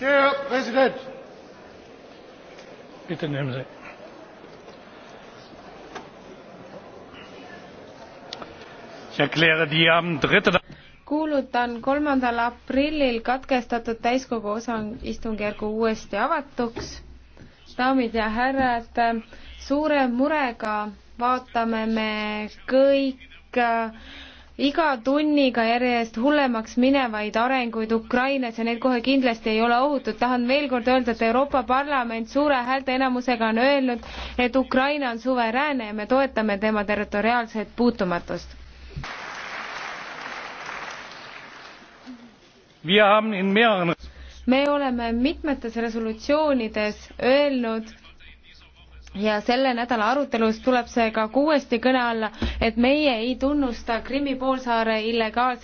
herr präsident! bitte nehmen sie platz. ich erkläre die am. kuulutan 3. aprillil katkestatud täiskogu osaistungjärgu uuesti avatuks. daamid ja härrad suure murega vaatame me kõik äh, iga tunniga järjest hullemaks minevaid arenguid Ukrainas ja need kohe kindlasti ei ole ohutud. tahan veel kord öelda, et Euroopa Parlament suure häälteenamusega on öelnud, et Ukraina on suveräänne ja me toetame tema territoriaalset puutumatust. me oleme mitmetes resolutsioonides öelnud, ja selle nädala arutelus tuleb see ka uuesti kõne alla, et meie ei tunnusta Krimmi poolsaare illegaalset